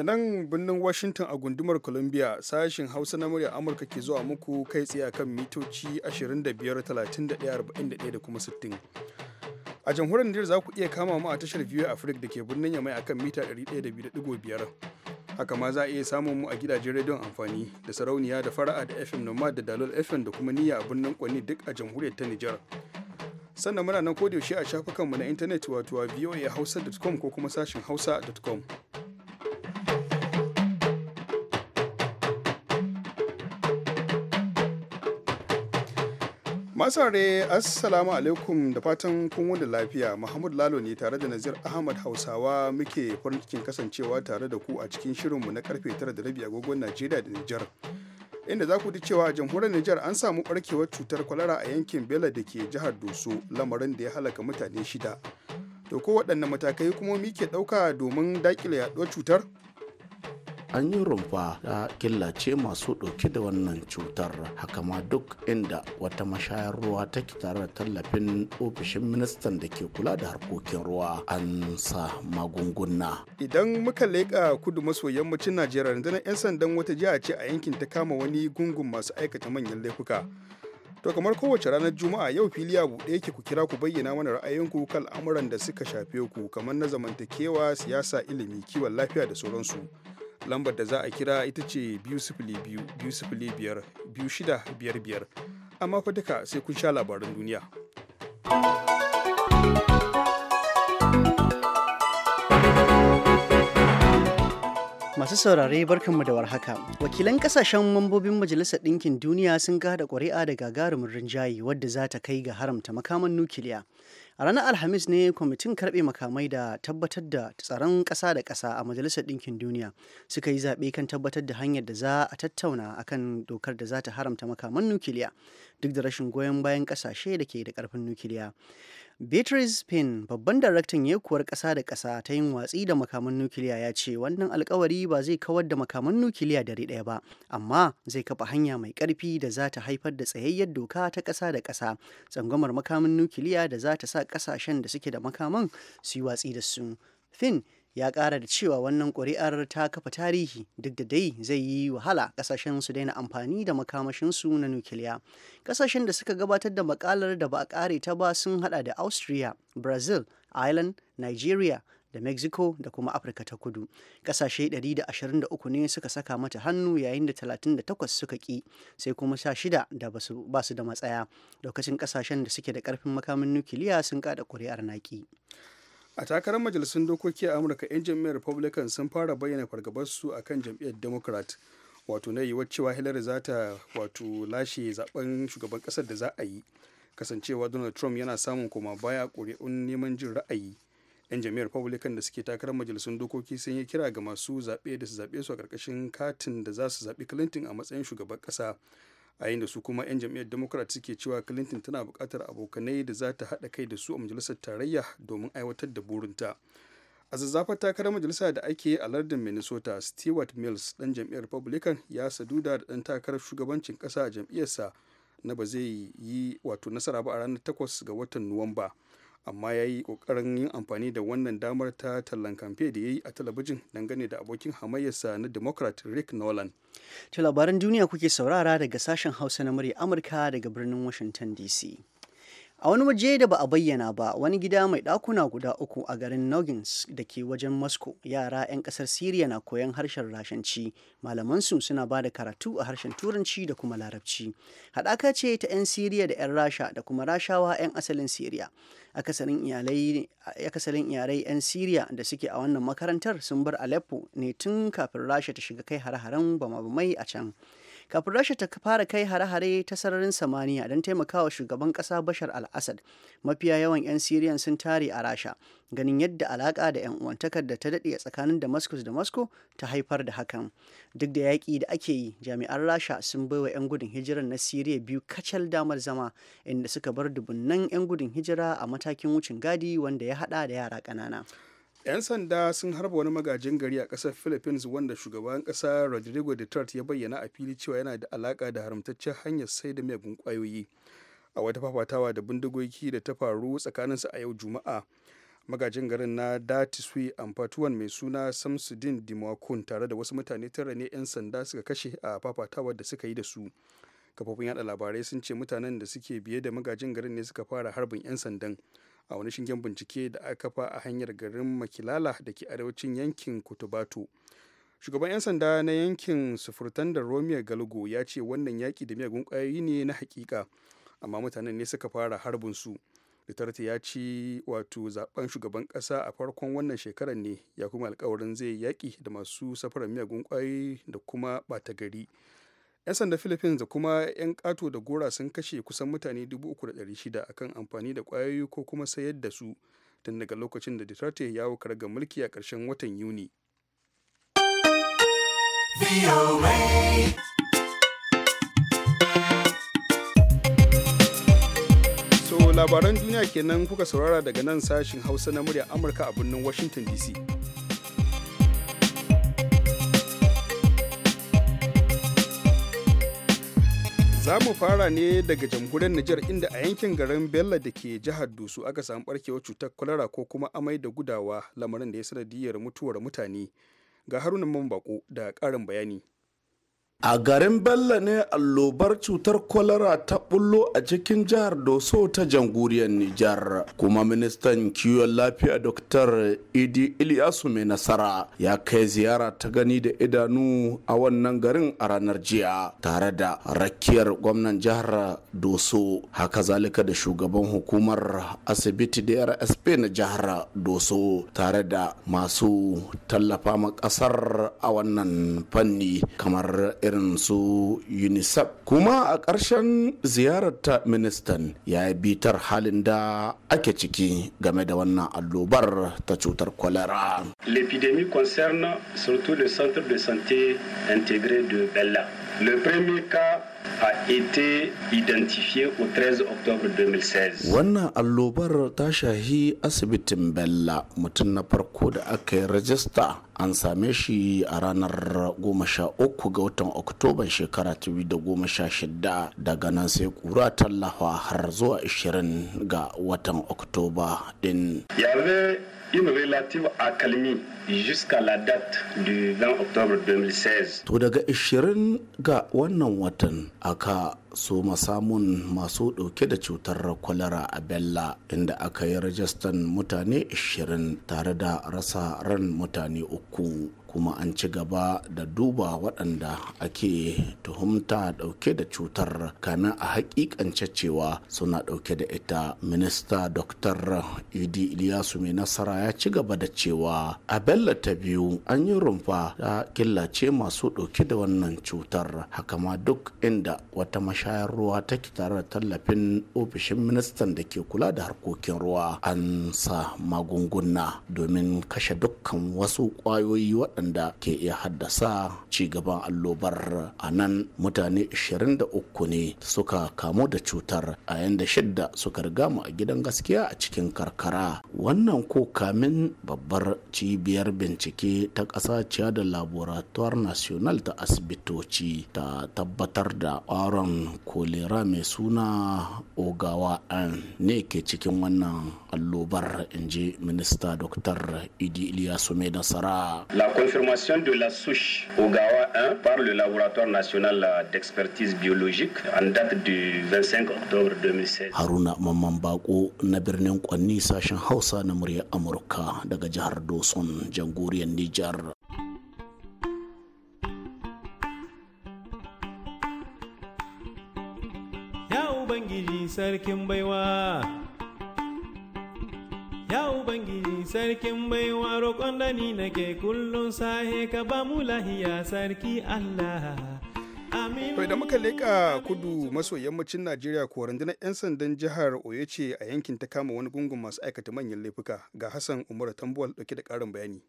Daga nan birnin Washington a gundumar Columbia sashen Hausa na murya Amurka ke zuwa muku kai tsaye kan mitoci 25, 31, 41 da kuma 60. a jamhuriyar Nijar za ku iya kama mu a tashar Viewer Africa da ke birnin Yamai akan mita 102.5. Haka ma za a iya samun mu a gidajen rediyon amfani da sarauniya da fara'a da FM Nomad da Dalol FM da kuma niyya a birnin Kwani duk a jamhuriyar ta Nijar. Sannan muna nan kodiyaushe a shafukanmu na intanet wato a voahausa.com ko kuma sashin hausa.com. Masare Assalamu alaikum da fatan kun wanda lafiya Muhammad Lalo ne tare da Nazir Ahmad Hausawa muke farin cikin kasancewa tare da ku a cikin shirinmu na karfe 9 da rabi agogon Najeriya da Nijar. Inda za ku ji cewa a jamhuriyar Nijar an samu barkewar cutar kwalara a yankin Bela da ke jihar Doso lamarin da ya halaka mutane shida. to ko waɗanne matakai hukumomi ke ɗauka domin daƙile yaɗuwar cutar an yi rumfa ta killace masu ɗauke da wannan cutar haka ma duk inda wata mashayar ruwa ta tare da tallafin ofishin ministan da ke kula da harkokin ruwa an sa magunguna idan muka leƙa kudu maso yammacin najeriya rundunar 'yan sandan wata jiha ce a yankin ta kama wani gungun masu aikata manyan laifuka To kamar kowace ranar Juma'a yau fili a buɗe yake ku kira ku bayyana mana ra'ayinku kan al'amuran da suka shafe ku kamar na zamantakewa, siyasa, ilimi, kiwon lafiya da sauransu. Lambar da za a kira ita ce biyu sifili biyu biyu sifili biyar biyu shida biyar biyar. Amma fa duka sai kun sha labaran duniya. Masu saurare barkanmu da warhaka. Wakilan kasashen mambobin Majalisar Ɗinkin Duniya sun gada ƙuri'a da gagarumin rinjaye wadda za ta kai ga haramta makaman nukiliya. A ranar Alhamis ne kwamitin karɓe makamai da tabbatar da tsaron ƙasa da ƙasa a Majalisar Ɗinkin Duniya suka yi zaɓe kan tabbatar da hanyar da za a tattauna akan dokar da za ta haramta makaman nukiliya duk da rashin goyon bayan ƙasashe da ke da karfin nukiliya. Beatrice Pin, babban daraktan yekuwar ƙasa da ƙasa ta yin watsi da makaman nukiliya ya ce wannan alkawari ba zai kawar da makaman nukiliya dare ɗaya ba, amma zai kafa hanya mai ƙarfi da za ta haifar da tsayayyar doka ta ƙasa da ƙasa, tsangwamar makaman nukiliya da za ta sa ƙasashen da suke da makaman su yi watsi da su. Finn ya ƙara da cewa wannan ƙuri'ar ta kafa tarihi duk da dai zai yi wahala ƙasashen su daina amfani da makamashin su na nukiliya ƙasashen da suka gabatar da makalar da ba a kare ta ba sun hada da austria brazil ireland nigeria da mexico da kuma afirka ta kudu kasashe 123 ne suka saka mata hannu yayin da 38 suka ki sai kuma sha shida da ba su da matsaya lokacin kasashen da suke da karfin makamin nukiliya sun kada kuri'ar naki a takarar majalisun dokoki a amurka 'yan jam'iyyar republican sun fara bayyana fargabarsu a kan jam'iyyar democrat wato na yiwuwar cewa hillary za ta wato lashe zaben shugaban kasar da za a yi kasancewa donald trump yana samun koma baya ƙuri'un neman jin ra'ayi 'yan jam'iyyar republican da suke takarar majalisun dokoki sun yi kira ga masu zaɓe da su zaɓe su a ƙarƙashin katin da za su zaɓi clinton a matsayin shugaban ƙasa a yin da su kuma 'yan jam'iyyar democrat suke cewa clinton tana bukatar abokanai da za ta haɗa kai da su a majalisar tarayya domin aiwatar da burinta a zazzafar takarar majalisa da ake yi a lardin minnesota stewart mills ɗan jam'iyyar republican ya saduda da ɗan takarar shugabancin ƙasa a jam'iyyarsa na ba zai yi wato nasara ba a ranar 8 ga watan nuwamba. amma ya yi ƙoƙarin yin amfani da wannan damar ta tallan kamfe da ya yi a talabijin dangane da abokin hamayyarsa na democrat rick nolan to labaran duniya kuke saurara daga sashen hausa na murya amurka daga birnin washington dc A wani waje da ba a bayyana ba, wani gida mai ɗakuna guda uku a garin Nogins da ke wajen Moscow, yara 'yan ƙasar Siriya na koyon harshen Rashanci, malamansu suna ba da karatu a harshen Turanci da kuma Larabci. Haɗaka ce ta 'yan Siriya da 'yan Rasha da kuma Rashawa 'yan asalin Siriya. Akasarin iyalai 'yan Siriya da suke a wannan makarantar sun bar Aleppo ne tun kafin Rasha ta shiga kai hare-haren bama a can. kafin rasha ta fara kai hare-hare ta sararin samaniya don taimakawa shugaban kasa bashar al-assad mafiya yawan 'yan siriyan sun tare a rasha ganin yadda alaka da 'yan uwantakar da ta daɗe tsakanin damascus da moscow ta haifar da hakan duk da yaƙi da ake yi jami'an rasha sun baiwa 'yan gudun hijirar na siriya biyu kacal damar zama inda suka bar dubunnan 'yan gudun hijira a matakin wucin gadi wanda ya haɗa da yara ƙanana 'yan sanda sun harba wani magajin gari a ƙasar philippines wanda shugaban kasa rodrigo de duterte ya bayyana a fili cewa yana da alaka da haramtaccen hanyar sai da miyagun ƙwayoyi a wata fafatawa da bindigoki da ta faru tsakaninsa a yau juma'a magajin garin na datiswi amfatuwan mai suna samsudin dimakon tare da wasu mutane tara ne 'yan sanda suka kashe a fafatawar da suka yi da su kafofin yada labarai sun ce mutanen da suke biye da magajin garin ne suka fara harbin 'yan sandan a wani shingen bincike da aka kafa a hanyar garin makilala da ke arewacin yankin kutubatu shugaban 'yan sanda na yankin sufurtan da romeo galgo ya ce wannan yaƙi da miyagun ƙwayoyi ne na hakika amma mutanen ne suka fara harbin su duterte ya ci wato zaben shugaban ƙasa a farkon wannan shekarar ne ya kuma alkawarin zai yaƙi da masu safarar miyagun ƙwayoyi da kuma ɓata gari 'yan sanda philippines da kuma 'yan kato da gora sun kashe kusan mutane 3,600 akan amfani da kwayoyi ko kuma sayar da su tun daga lokacin da duterte ya wuka ga mulki a ƙarshen watan yuni so labaran duniya kenan kuka saurara daga nan sashin hausa na murya amurka a birnin washington dc Za mu fara ne daga jamhuriyar Nijar inda a yankin garin Bello da ke jihar Dusu aka samu barkewar cutar kwalara ko kuma amai da gudawa lamarin da ya sanadiyar mutuwar mutane. Ga Haruna Mambako da ƙarin bayani. a garin bello ne allobar cutar kwalara ta bullo a cikin jihar doso ta jamhuriyar nijar kuma ministan kiwon lafiya dr idi iliyasu mai nasara ya kai ziyara ta gani da idanu a wannan garin a ranar jiya tare da rakiyar gwamnan jihar doso haka zalika da shugaban hukumar asibiti da RSP na jihar doso tare da masu tallafa ma a wannan fanni kamar irin su unicef kuma a ƙarshen ziyarar ta ministan ya yi bitar halin da ake ciki game da wannan allobar ta cutar kwalara lepidemi concerne surtout le centre de santé intégré de bella Le premier cas a été identifié au 13 octobre 2016. Wannan allobar ta shahi asibitin Bella mutum na farko da aka yi rajista an same shi a ranar 13 ga watan Oktoban shekara 2016 daga nan sai kura tallafa har zuwa 20 ga watan Oktoba din. Yabe une relative accalmie jusqu'à la date du 20 octobre 2016. To daga 20 ga wannan watan aka su masamun masu dauke da cutar kwalara a bella inda aka yi rajistan mutane 20 tare da rasa ran mutane uku kuma an ci gaba da duba waɗanda ake tuhumta ɗauke da cutar kana a hakikance cewa suna ɗauke da ita minista dr idi iliyasu mai nasara ya ci gaba da cewa a bella ta biyu an yi rumfa ta killace masu ɗauke da wannan cutar hakama duk inda wata mashi shayar ruwa take tare da tallafin ofishin ministan da ke kula da harkokin ruwa an sa magunguna domin kashe dukkan wasu kwayoyi waɗanda ke iya haddasa ci gaban allobar a nan mutane 23 ne suka kamu da cutar a yanda shidda suka riga mu a gidan gaskiya a cikin karkara wannan ko kamin babbar cibiyar bincike ta ƙasa ciya da laboratoire national ta asibitoci ta tabbatar da ƙwaron kolera mai suna ogawa an ne ke cikin wannan allobar in ji minista dr idi iliyasu mai nasara la confirmation de la souche ogawa an par le laboratoire national d'expertise biologique en date du 25 octobre 2016 haruna mamman bako na birnin kwanni sashen hausa na murya amurka daga jihar doson jamhuriyar nijar sarkin baiwa Ya Ubangiji sarkin baiwa roƙon da ni nake kullum sahe ka ba mu lahiya sarki Allah. To da muka leƙa kudu maso yammacin Najeriya ko rundunar 'yan sandan jihar Oyo ce a yankin ta kama wani gungun masu aikata manyan laifuka ga Hassan Umaru Tambuwal ɗauke da ƙarin bayani.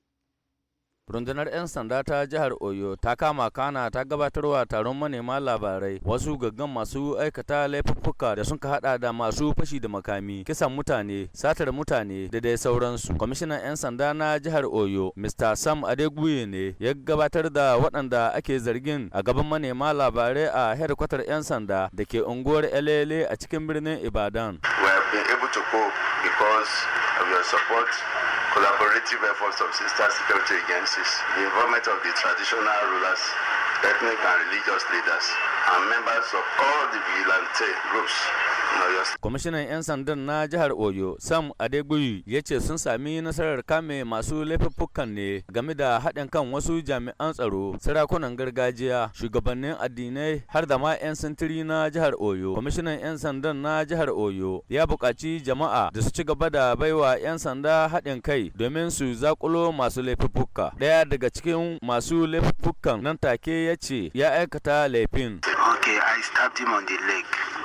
rundunar 'yan sanda ta jihar oyo ta kama kana ta gabatarwa taron manema labarai wasu gaggan masu aikata laifuffuka da sun hada da masu fashi da makami kisan mutane satar mutane da dai sauransu kwamishinan 'yan sanda na jihar oyo mr sam adeguye ne ya gabatar da waɗanda ake zargin a gaban manema labarai a hedkwatar 'yan sanda da ke unguwar elele a cikin birnin ibadan we been able to cope because of your support collaborative efforts of sister security agencies, the involvement of the traditional rulers, ethnic and religious leaders, and members of all the vigilante groups Kwamishinan 'yan sandan na jihar Oyo Sam Adegbuyi ya ce sun sami nasarar kame masu laifuffukan ne game da haɗin kan wasu jami'an tsaro, sarakunan gargajiya, shugabannin addinai har da ma 'yan sintiri na jihar Oyo. Kwamishinan 'yan sandan na jihar Oyo ya buƙaci jama'a da su ci gaba da baiwa 'yan sanda haɗin kai domin su zaƙulo masu laifuffuka. Ɗaya daga cikin masu laifuffukan nan take ya ce ya aikata laifin.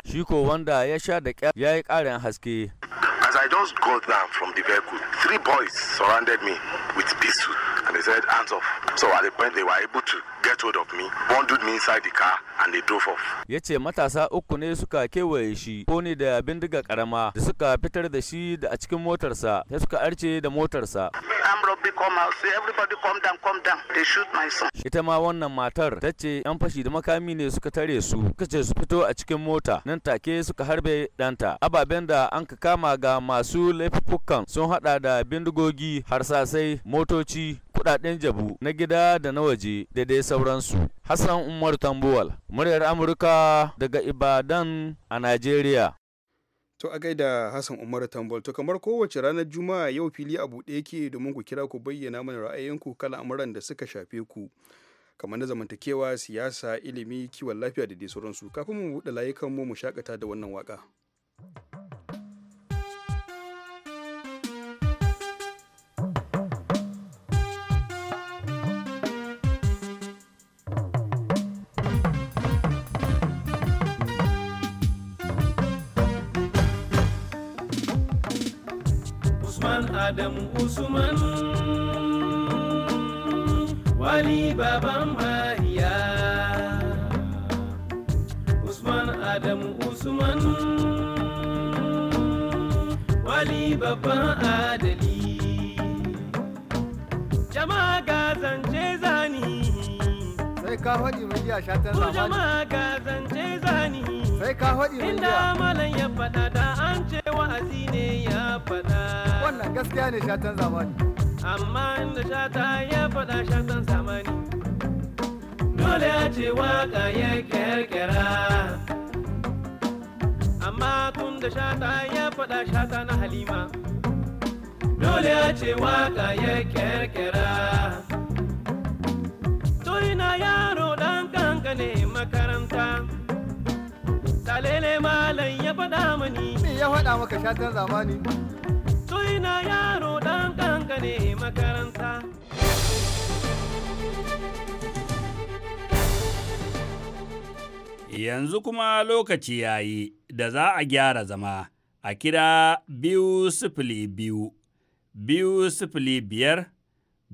shi ko wanda ya sha da ƙyar ya yi ƙarin haske. As I just got down from the vehicle, three boys surrounded me with pistols. and they said, hands off. So at the point they were able to get hold of me, bundled me inside the car and they drove off. Ya ce matasa uku ne suka kewaye shi ko ne da bindiga karama da suka fitar da shi da a cikin motarsa sai suka arce da motarsa. Ita ma wannan matar ta ce ‘yan fashi da makami ne suka tare su, suka ce su fito a cikin mota, nan take suka harbe ɗanta. Ababen da an ka kama ga masu laifukan sun hada da bindigogi, harsasai, motoci, kudaden jabu na gida da na waje da dai sauransu. Hassan Umar Tambuwal, muryar Amurka daga Ibadan a Najeriya. To a gaida Hassan Umar tambuwal to kamar kowace ranar Juma'a yau fili a buɗe yake domin ku kira ku bayyana mana ra'ayinku kan al'amuran da suka shafe ku. Kamar na zamantakewa, siyasa, ilimi, kiwon lafiya da dai sauransu. Kafin mu buɗe layukan mu mu shakata da wannan waka. Adamu Usman Wali Baban Mariya Usman Adamu Usman Wali Babban Adali Jama'a ga zance zani Sai ka faɗi mun jiya shatan zamani Jama'a ga zance zani Sai ka faɗi mun jiya Inda malam ya faɗa da an ce hazine ne ya faɗa wannan gaskiya ne shatan zamani amma inda shata ya faɗa shatan zamani dole a ce waka ya kerkera amma kun da shata ya faɗa shata na halima dole a ce waka ya kerkera to ina yaro ɗan kankane makaranta Salele malam ya faɗa mani. Me ya faɗa maka shatan zamani? Tun yaro ɗan kankane makaranta. Yanzu kuma lokaci ya yi da za a gyara zama a kira biyu sifili biyu, biyu sifili biyar,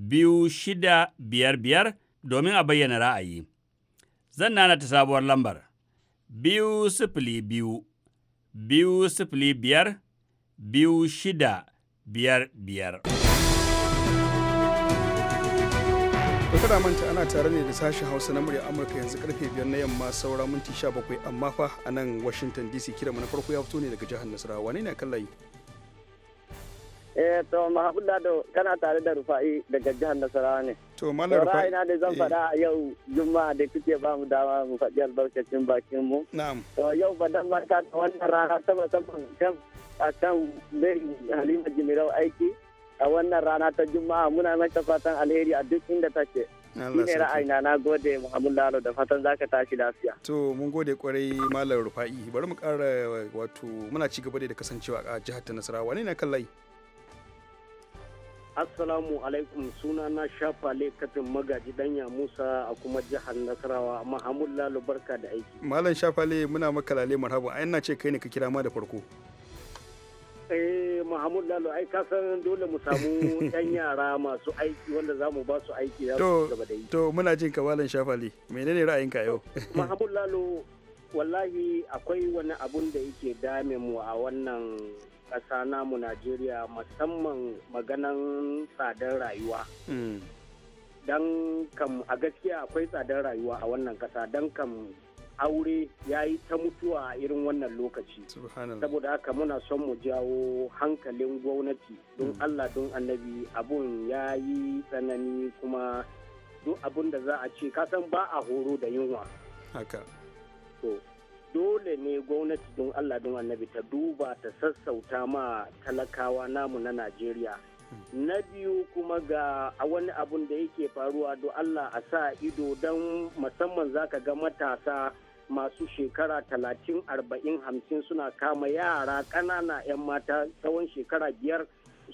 biyu shida biyar biyar domin a bayyana ra'ayi. Zan nana ta sabuwar lambar. biyu sifili biyu, biyu sifili biyar, biyu shida biyar biyar. kada manta ana tare ne da sashen hausa na murya amurka yanzu karfe biyar na yamma saura minti bakwai amma fa a nan washington dc kira na farko ya fito ne daga jihar nasarawa ne na layi eh to mahabud kana tare da rufa'i daga jihar nasarawa ne To Malam rufa. Ra'ayina da zan faɗa a yau Juma'a da kuke ba mu dama mu faɗi albarkacin bakin mu. Na'am. To yau ba dan barka da wannan rana ta musamman kan a kan Halima Jimirau aiki a wannan rana ta Juma'a muna mata fatan alheri a duk inda take. Shine ra'ayina na gode Muhammadu Lalo da fatan zaka tashi lafiya. To mun gode kwarai Malam Rufa'i bari mu ƙara wato muna ci gaba da kasancewa a jihar ta Nasarawa ne na kan Assalamu alaikum suna na shafa lekatin magaji danya Musa a kuma jihar Nasarawa Mahamud lalu barka da aiki. Malam Shafale muna maka lale marhaba ai na ce kai ne ka kira ma da farko. Eh Mahamud Lalo ai ka san dole mu samu yan yara masu aiki wanda za mu ba su aiki za su gaba da yi. To muna jin ka Malam Shafale menene ra'ayinka yau? Mahamud Lalo wallahi akwai wani abun da yake dame mu a wannan ƙasa namu najeriya musamman maganan tsadar rayuwa hmm. don kam a gaskiya akwai tsadar rayuwa a wannan ƙasa don kam aure ya yi ta mutuwa a irin wannan lokaci saboda haka muna son mu jawo hankalin gwamnati don hmm. allah don annabi abun ya yi tsanani kuma duk abun da za a ce kasan ba a horo da yunwa dole ne gwamnati don Allah don annabi ta duba ta sassauta ma talakawa namu na Najeriya. Na biyu kuma ga a wani abun da yake faruwa don Allah a sa ido don musamman ka ga matasa masu shekara talatin arba'in hamsin suna kama yara ƙanana 'yan mata tsawon shekara biyar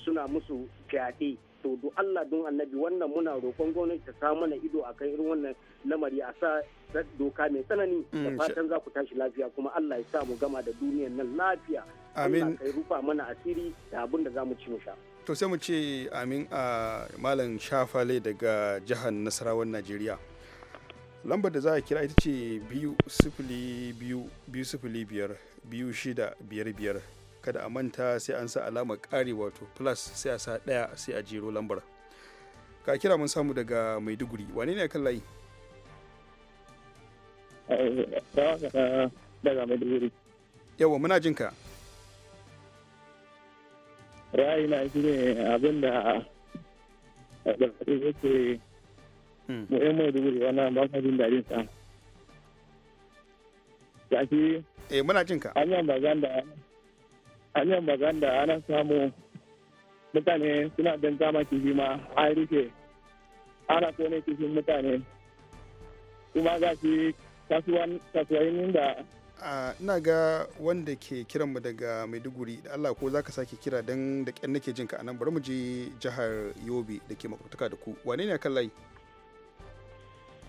suna musu fyaɗe. to do Allah don annabi wannan muna roƙon gwamnati ta sa mana ido a kan irin wannan lamari a sa doka mai tsanani mm, da fatan za ku tashi lafiya kuma Allah ya sa mu gama da duniyar nan lafiya amin kai rufa mana asiri da abin da za mu ci mu sha to sai mu ce amin a malam shafale daga jihar nasarawar najeriya lambar da za a kira ita ce biyu sifili biyu biyu sifili biyar biyu shida biyar biyar kada a manta sai an sa alamar ƙari wato plus sai a sa ɗaya sai a jero lambar ka kira mun samu daga maiduguri wane ne kan layi eh, daga maiduguri yawa muna jin ka na shi ne abin da yake hmm. mu'yan maiduguri wannan ba sa jin daɗin sa gashi eh muna jin ka hanyar bazan da hanyar maganda ana samu mutane suna don zama kifi ma a rufe ana ne kifin mutane kuma ga shi kasuwannin da ina ga wanda ke kiran mu daga maiduguri da allah ko za ka sake kira don da ƙyan nake jinka a nan bari mu je jihar yobe da ke makwataka da ku wane ne kan layi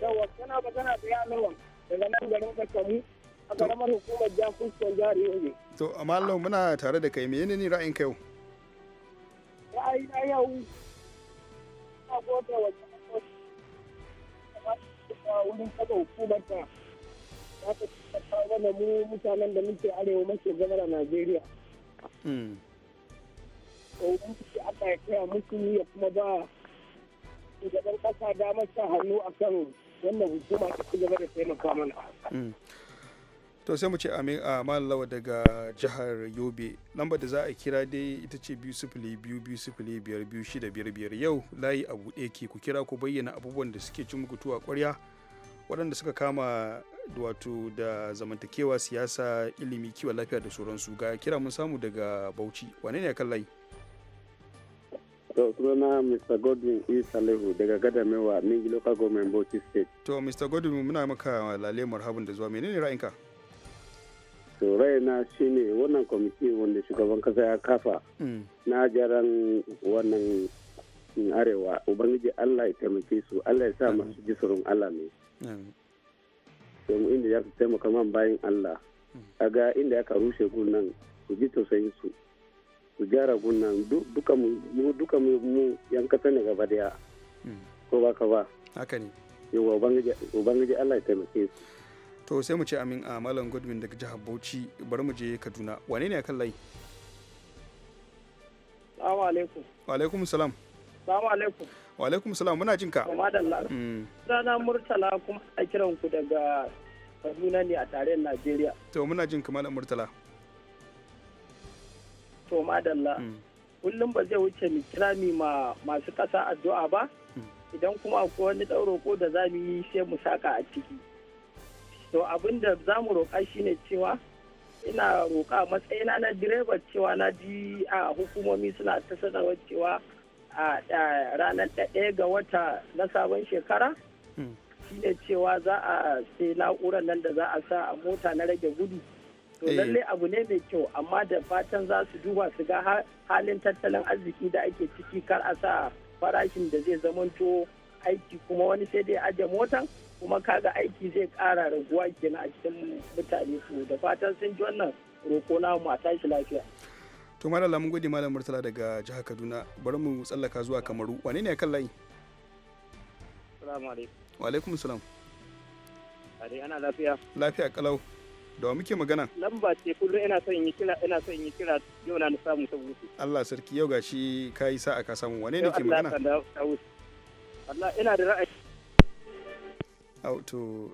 yawa kana magana da yanawan daga nan garin kasamu a karamar hukumar jakuncin jihar Yobe. To, Malam muna tare da kai menene ne ra'ayin ka yau? Ra'ayi na yau a gota wa wurin kaza hukumar ta za ta tattata mana mu mutanen da muke arewa mace gamar Najeriya. Domin hmm. su Allah ya kaya musu ya kuma ba shugaban kasa damar sa hannu akan wannan hukuma ta ci gaba da taimaka mana. Hmm. to sai mu ce amin a malawa daga jihar yobe lamba da za a kira dai ita ce biyu sifili biyu biyu sifili biyar biyu shida biyar biyar yau layi a buɗe ke ku kira ku bayyana abubuwan da suke cin muku tuwa ƙwarya waɗanda suka kama wato da zamantakewa siyasa ilimi kiwon lafiya da sauransu ga kira mun samu daga bauchi wane ne kan layi to sunana mr godwin e salihu daga gadamewa mingi local government bauchi state to mr godwin muna maka lale marhabin da zuwa menene ra'inka. na raina shine wannan kwamiti wanda shugaban kasa ya kafa mm. na jaran wannan arewa ubangiji allah ya taimake su allah ya sa masu jisurin allah ne don inda ya taimaka man bayan allah mm. ga inda ya ka rushe gunan su ji tausayin su su gyara gunan duka mu yan kasa ne gaba daya mm. ko ba ka ba haka ne yawa ubangiji allah ya taimake su to sai mu ce amin a malam godwin daga jihar bauchi bari mu je kaduna wane ne akan layi salamu alaikum wa alaikum salam salamu alaikum wa alaikum salam muna jin ka mm. sana murtala kuma a kiran ku daga kaduna ne a tarayyar najeriya to muna jin ka malam murtala to madalla mm. kullum ba zai wuce mu kira mi ma masu ƙasa addu'a ba mm. idan kuma akwai wani ko da za mu yi sai mu saka a ciki to abin da za mu roƙa shine cewa ina roƙa matsayina na direba cewa na ji a hukumomi suna ta sanarwa cewa a ranar ɗaya ga wata na sabon shekara hmm. shine cewa za a sai na'urar nan da za a sa a mota na rage gudu to eh. lallai abu ne mai kyau amma da fatan za su duba su ga halin tattalin arziki da ake ciki kar a sa farashin da zai zamanto aiki kuma wani sai dai aje motan kuma kaga aiki zai kara raguwa kenan a cikin mutane su da fatan sun ji wannan roƙo na mu a tashi lafiya. to malala mun gode malam murtala daga jihar kaduna bari mu tsallaka zuwa kamaru wane ne kan layi. salamu alaikum. wa alaikum salam. are ana lafiya. lafiya kalau. da wa muke magana lamba ce kullum ina son yi kira ina son yi kira yau na samu ta Allah sarki yau gashi kai sa'a ka samu wane ne ke magana Allah ina da ra'ayi to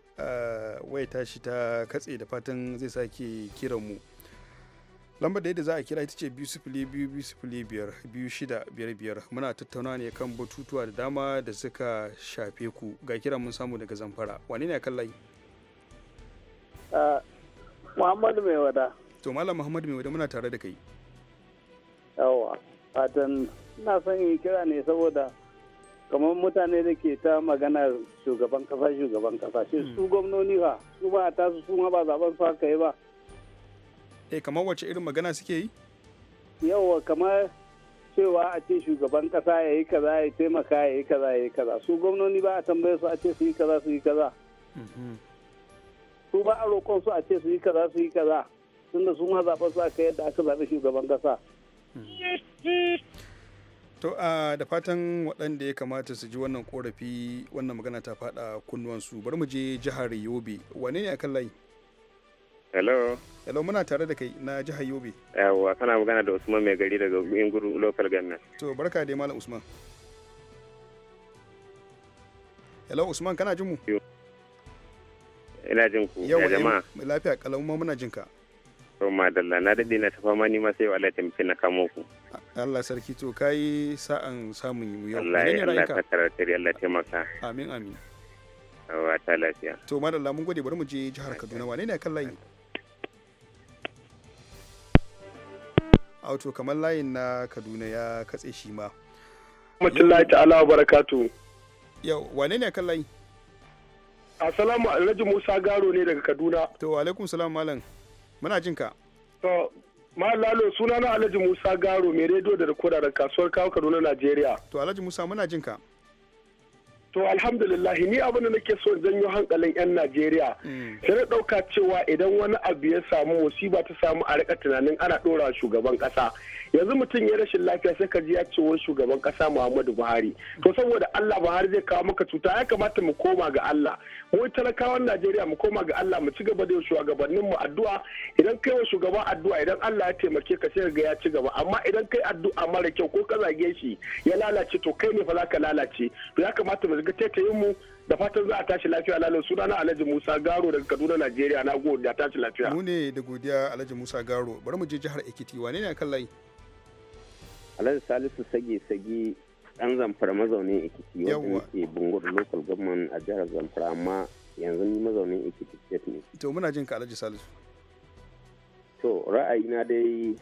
waya tashi ta katse da fatan zai sake kiran mu lambar da yadda za a kira ita ce biyu sifili biyu biyu sifili biyar biyu shida biyar biyar muna tattauna ne kan batutuwa da dama da suka shafe ku ga kira mun samu daga zamfara wani ne kan layi muhammadu mai wada to malam muhammadu mai wada muna tare da kai yawa fatan na son yi kira ne saboda kamar mutane da ke ta magana shugaban kasa shugaban kasa shi hmm. su gwamnoni ba su ba ta su ma ba zaben su haka yi ba eh kamar wace irin magana suke yi yawa kamar cewa a ce shugaban kasa ya yi kaza ya taimaka ya yi kaza ya yi kaza su gwamnoni ba a tambaye su a ce su yi kaza su yi kaza mm-hmm. su ba a roƙon su a ce su yi kaza su yi kaza tunda su ma zaben su aka yadda aka zaɓi shugaban kasa hmm. to a da fatan waɗanda ya kamata su ji wannan korafi wannan magana ta faɗa kunnuwansu bari mu je jihar yobe wane ne akan layi hello hello muna tare da kai na jihar yobe yawa kana magana da usman mai gari daga inguru local gannan. to barka dai malam usman hello usman kana jin mu ina jin ku ya eh, jama'a lafiya kalau muna jin ka to madalla na dade na tafa ma ni ma sai Allah ya taimake na kamo ku Allah sarki to kai sa'an samun mu yau Allah ya Allah ka karatari Allah taimaka amin amin wa ta lafiya to madalla mun gode bari mu je jihar Kaduna wane ne kan layi auto kamar layin na Kaduna ya katse shi ma Mutullahi ta'ala wa barakatu yau wane ne kan layi Assalamu Alhaji Musa Garo ne daga Kaduna. To alaikum salam malam. Muna jin ka. Malalo suna na Alhaji Musa Garo mai rediyo da rikoda da kasuwar kawo Kaduna Najeriya. To Alhaji Musa muna jin ka. To alhamdulillah ni abin da nake so janyo hankalin 'yan Najeriya. Mm. Sai na ɗauka cewa idan wani abu ya samu musiba ta samu a rika tunanin ana ɗora shugaban ƙasa. yanzu mutum ya rashin lafiya sai ka ji ya ce wani shugaban kasa Muhammadu Buhari to saboda Allah Buhari zai kawo maka cuta ya kamata mu koma ga Allah wai talakawan Najeriya mu koma ga Allah mu ci gaba da shugabannin mu addu'a idan kai wa shugaban addu'a idan Allah ya taimake ka sai ga ya ci gaba amma idan kai addu'a mara kyau ko ka zage shi ya lalace to kai ne fa zaka lalace to ya kamata mu ga taitayin mu da fatan za a tashi lafiya suna na Alhaji Musa Garo daga Kaduna nigeria na gode da tashi lafiya mu ne da godiya Alhaji Musa Garo bari mu je jihar Ekiti wane ne kan layi alhaji salisu sage sage dan zamfara mazaunin ikiti wanda ke bungur local government a jihar zamfara amma yanzu ni mazaunin ikiti state ne to muna jin ka alhaji salisu to ra'ayina dai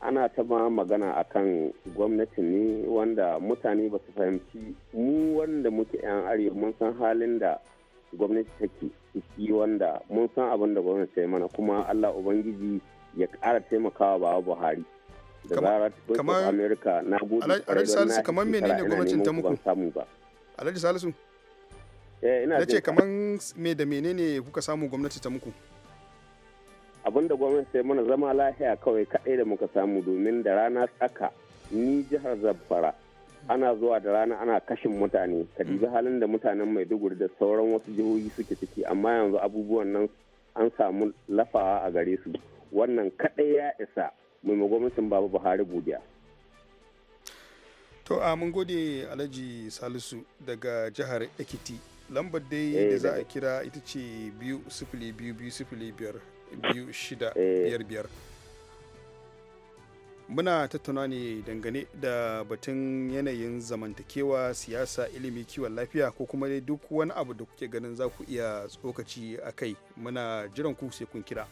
ana ta ma magana akan gwamnati ne wanda mutane ba su fahimci mu wanda muke 'yan arewa mun san halin da gwamnati take ciki wanda mun san abin da gwamnati ta yi mana kuma allah ubangiji ya kara taimakawa ba buhari kamar alhaji salisu kamar eh, menene gwamnatin ta muku alhaji salisu na ce kamar me da menene kuka samu gwamnati ta muku abin da gwamnati sai mana zama lahiya kawai kaɗai da muka samu domin da rana tsaka ni jihar zamfara ana zuwa da rana ana kashin mutane ka mm. dubi halin da mutanen maiduguri da sauran wasu jihohi suke ciki amma yanzu abubuwan nan an samu lafawa a gare su wannan kaɗai ya isa mai gwamnatin babu buhari godiya to a mun gode alhaji salisu daga jihar ekiti lambar dai eh, da za a kira ita ce biyu sifili biyu biyu sifili biyar biyu shida eh. biyar biyar muna tattauna ne dangane da batun yanayin zamantakewa siyasa ilimi kiwon lafiya ko kuma dai duk wani abu da kuke ganin za ku iya tsokaci a kai muna jiran ku sai kun kira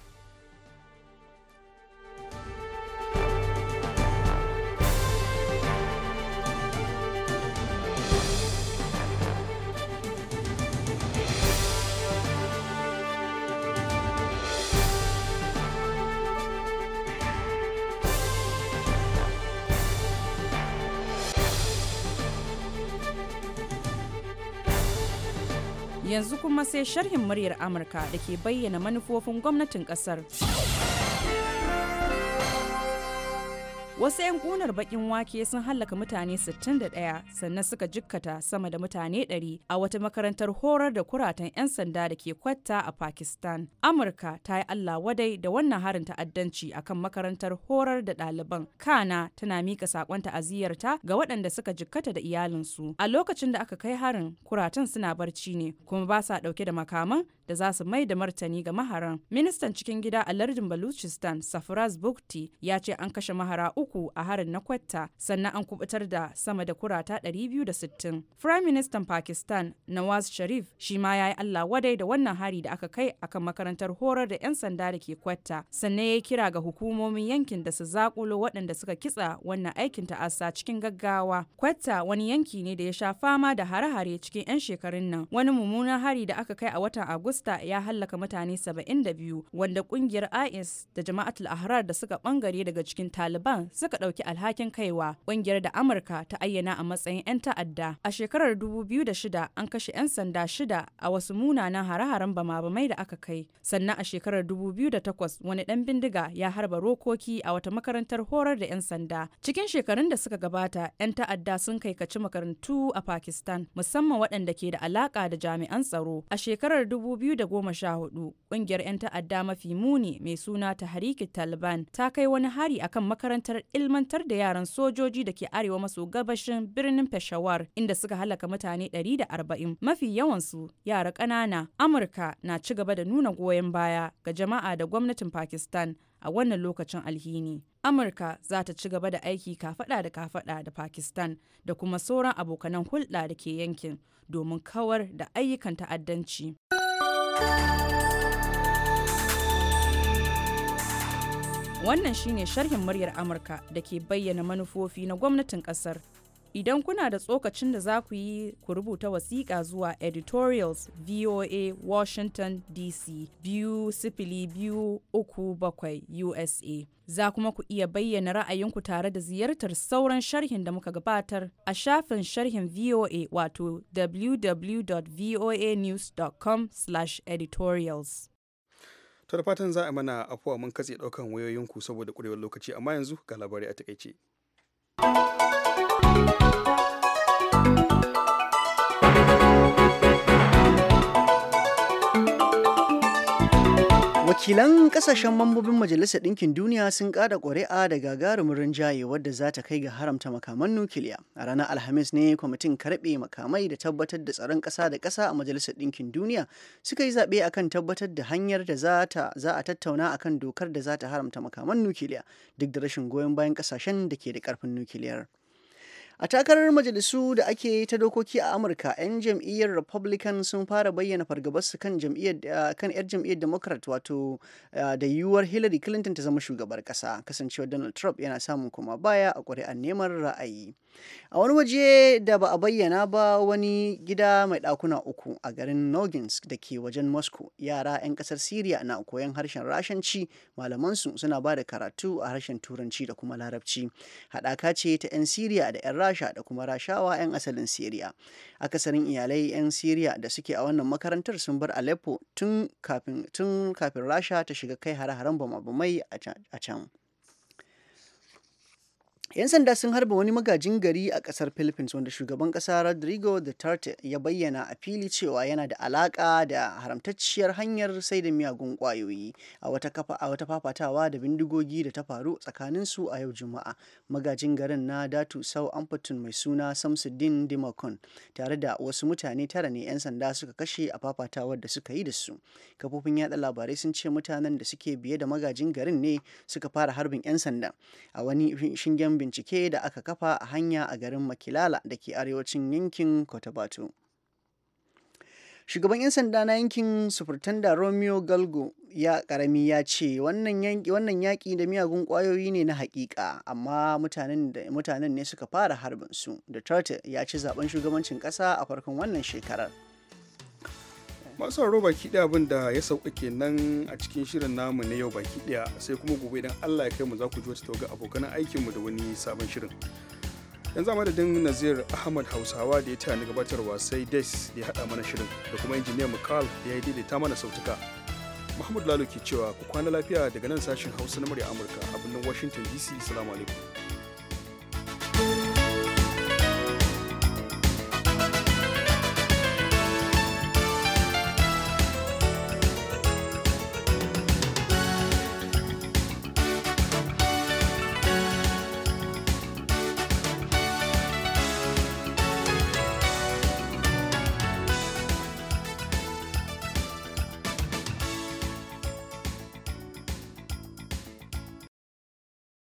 Yanzu kuma sai sharhin muryar Amurka da ke bayyana manufofin gwamnatin kasar. wasu 'yan kunar bakin wake sun hallaka mutane 61 sannan suka jikkata sama da mutane 100 a wata makarantar horar da kuratan 'yan sanda da ke kwatta a pakistan amurka ta yi allah wadai da wannan harin ta'addanci akan makarantar horar da ɗaliban kana tana mika sakon ta'aziyarta ga waɗanda suka jikkata da iyalinsu a lokacin da aka kai harin kuratan suna barci ne kuma ba sa ɗauke da makaman da za su mai da martani ga maharan. Ministan cikin gida a lardin Baluchistan Safraz Bukti ya ce an kashe mahara uku a harin na Kwatta sannan an kubutar da sama da kurata 260. Prime Ministan Pakistan Nawaz Sharif shi ma ya yi Allah wadai da wannan hari da aka kai akan makarantar horar da 'yan sanda da ke Kwatta sannan ya yi kira ga hukumomin yankin da su zakulo waɗanda suka kitsa wannan aikin ta'asa cikin gaggawa. Kwatta wani yanki ne da ya sha fama da hare-hare cikin 'yan shekarun nan. Wani mummunan hari da aka kai a watan Agusta Manchester ya hallaka mutane 72 wanda kungiyar IS da jama'atul Ahrar da suka bangare daga cikin Taliban suka dauki alhakin kaiwa kungiyar da Amurka ta ayyana a matsayin 'yan ta'adda. A shekarar 2006 an kashe 'yan sanda shida a wasu munanan hare-haren bama-bamai da aka kai. Sannan a shekarar 2008 wani dan bindiga ya harba rokoki a wata makarantar horar da 'yan sanda. Cikin shekarun da suka gabata 'yan ta'adda sun kaikaci makarantu a Pakistan musamman waɗanda ke da alaka da jami'an tsaro. A shekarar 2000 2014 kungiyar 'yan ta'adda mafi muni mai suna tahariki taliban ta kai wani hari akan makarantar ilmantar da yaran sojoji da ke arewa maso gabashin birnin peshawar inda suka halaka mutane 140 mafi yawansu yara ƙanana amurka na ci gaba da nuna goyon baya ga jama'a da gwamnatin pakistan a wannan lokacin alhini amurka za ta ci gaba da aiki kafada da kafada da pakistan da kuma sauran abokanan hulɗa da ke yankin domin kawar da ayyukan ta'addanci. Wannan shine sharhin muryar Amurka da ke bayyana manufofi na gwamnatin ƙasar. Idan kuna da tsokacin da za ku yi ku rubuta wasiƙa zuwa editorials VOA Washington DC biyu sifili biyu uku bakwai USA. Za kuma ku iya bayyana ra'ayinku tare da ziyartar sauran sharhin da muka gabatar a shafin sharhin VOA wato www.voanews.com/editorials. To da fatan za a mana afuwa mun katse ɗaukan wayoyinku saboda ƙurewar lokaci amma yanzu ga labarai a takaice. wakilan kasashen mambobin majalisar ɗinkin duniya sun kada ƙuri'a da gagarumin rinjaye wadda za ta kai ga haramta makaman nukiliya a ranar alhamis ne kwamitin karɓe makamai da tabbatar da tsaron ƙasa da ƙasa a majalisar ɗinkin duniya suka yi zaɓe akan tabbatar da hanyar da za a tattauna akan dokar da za ta haramta makaman nukiliya duk da rashin goyon bayan ƙasashen da ke da ƙarfin nukiliyar. A takarar majalisu da ake ta dokoki a Amurka, 'yan jam'iyyar Republican sun fara bayyana fargabarsu kan kan 'yar jam'iyyar Democrat wato da yiwuwar Hillary Clinton ta zama shugabar kasa kasancewar Donald Trump yana samun kuma baya a ƙuri'ar neman ra'ayi. A wani waje da ba a bayyana ba wani gida mai ɗakuna uku a garin Nogins da ke wajen Moscow, yara 'yan ƙasar Siriya na koyon harshen Rashanci, malamansu suna ba da karatu a harshen Turanci da kuma Larabci. Haɗaka ce ta 'yan Siriya da 'yan Rasha da kuma Rashawa 'yan asalin Siriya. Akasarin iyalai 'yan Siriya da suke a wannan makarantar sun bar Aleppo tun kafin Rasha ta shiga kai hare-haren bama a can. 'Yan sanda sun harba wani magajin gari a kasar Philippines wanda shugaban kasa Rodrigo Duterte ya bayyana a fili cewa yana da alaka da haramtacciyar hanyar sai da miyagun kwayoyi a wata fafatawa da bindigogi da ta faru tsakanin su a yau Juma'a. Magajin garin na Datu Sau Amfatun mai suna Samsuddin Dimakon tare da wasu mutane tara ne 'yan sanda suka kashe a fafatawar da suka yi da su. Kafofin yada labarai sun ce mutanen da suke biye da magajin garin ne suka fara harbin 'yan sanda a wani shingen bincike da aka kafa a hanya a garin Makilala da ke arewacin yankin kotabato Shugaban 'yan sanda na yankin Sufurtanda Romeo Galgo ya karami ya ce wannan yaƙi da miyagun ƙwayoyi ne na haƙiƙa amma mutanen ne suka fara harbin su. da ya ci zaben shugabancin ƙasa a farkon wannan shekarar. masu sauraro baki ɗaya abin da ya sauka kenan a cikin shirin namu na yau baki ɗaya sai kuma gobe idan Allah ya kai mu za ku ji wata tawaga abokan aikinmu da wani sabon shirin yanzu a madadin nazir ahmad hausawa da ya taya na gabatarwa sai des da ya haɗa mana shirin da kuma injiniya mukal da ya yi daidaita mana sautuka muhammadu lalo ke cewa ku kwana lafiya daga nan sashen hausa na murya amurka a birnin washington dc salamu alaikum